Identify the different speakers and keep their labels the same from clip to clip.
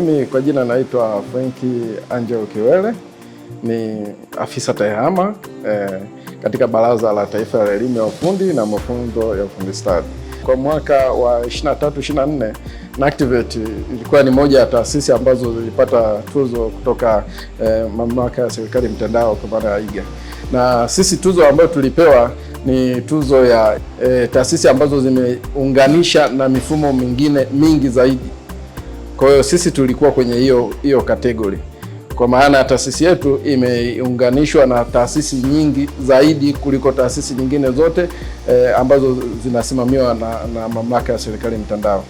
Speaker 1: Mimi kwa jina naitwa Frenki Angel Kiwele, ni afisa TEHAMA eh, katika Baraza la Taifa la Elimu ya Ufundi na Mafunzo ya Ufundi Stadi. Kwa mwaka wa 23 24 NACTIVATE ilikuwa ni moja ya taasisi ambazo zilipata tuzo kutoka eh, mamlaka ya serikali mtandao kwa maana ya IGA, na sisi tuzo ambayo tulipewa ni tuzo ya eh, taasisi ambazo zimeunganisha na mifumo mingine mingi zaidi kwa hiyo sisi tulikuwa kwenye hiyo hiyo kategori, kwa maana ya taasisi yetu imeunganishwa na taasisi nyingi zaidi kuliko taasisi nyingine zote e, ambazo zinasimamiwa na, na mamlaka ya serikali mtandao.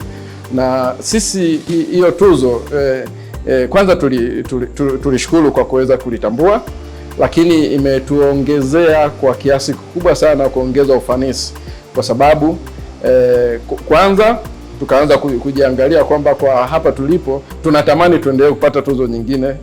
Speaker 1: Na sisi hiyo tuzo e, e, kwanza tulishukuru tuli, tuli, tuli, tuli kwa kuweza kulitambua, lakini imetuongezea kwa kiasi kikubwa sana kuongeza ufanisi kwa sababu e, kwanza tukaanza kujiangalia kwamba kwa hapa tulipo tunatamani tuendelee kupata tuzo nyingine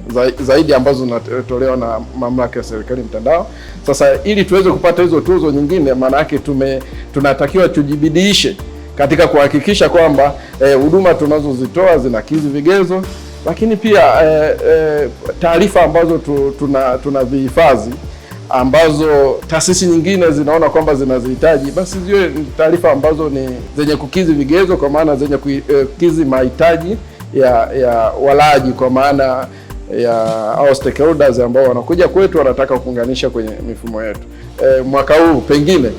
Speaker 1: zaidi ambazo zinatolewa na mamlaka ya serikali mtandao. Sasa ili tuweze kupata hizo tuzo nyingine, maana yake tume tunatakiwa tujibidiishe katika kuhakikisha kwamba eh, huduma e, tunazozitoa zinakidhi vigezo, lakini pia e, e, taarifa ambazo tunavihifadhi tuna ambazo taasisi nyingine zinaona kwamba zinazihitaji, basi ziwe taarifa ambazo ni zenye kukizi vigezo, kwa maana zenye eh, kukizi mahitaji ya ya walaji, kwa maana ya au stakeholders ambao wanakuja kwetu wanataka kuunganisha kwenye mifumo yetu. E, mwaka huu pengine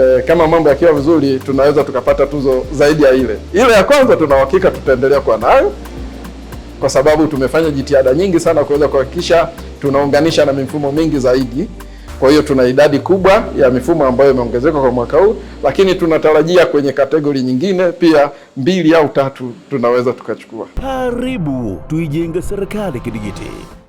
Speaker 1: e, kama mambo yakiwa vizuri, tunaweza tukapata tuzo zaidi ya ile ile ya kwanza. Tuna uhakika tutaendelea kuwa nayo kwa sababu tumefanya jitihada nyingi sana kuweza kuhakikisha tunaunganisha na mifumo mingi zaidi. Kwa hiyo tuna idadi kubwa ya mifumo ambayo imeongezeka kwa mwaka huu, lakini tunatarajia kwenye kategori nyingine pia mbili au tatu tunaweza tukachukua. Karibu tuijenge serikali kidigiti.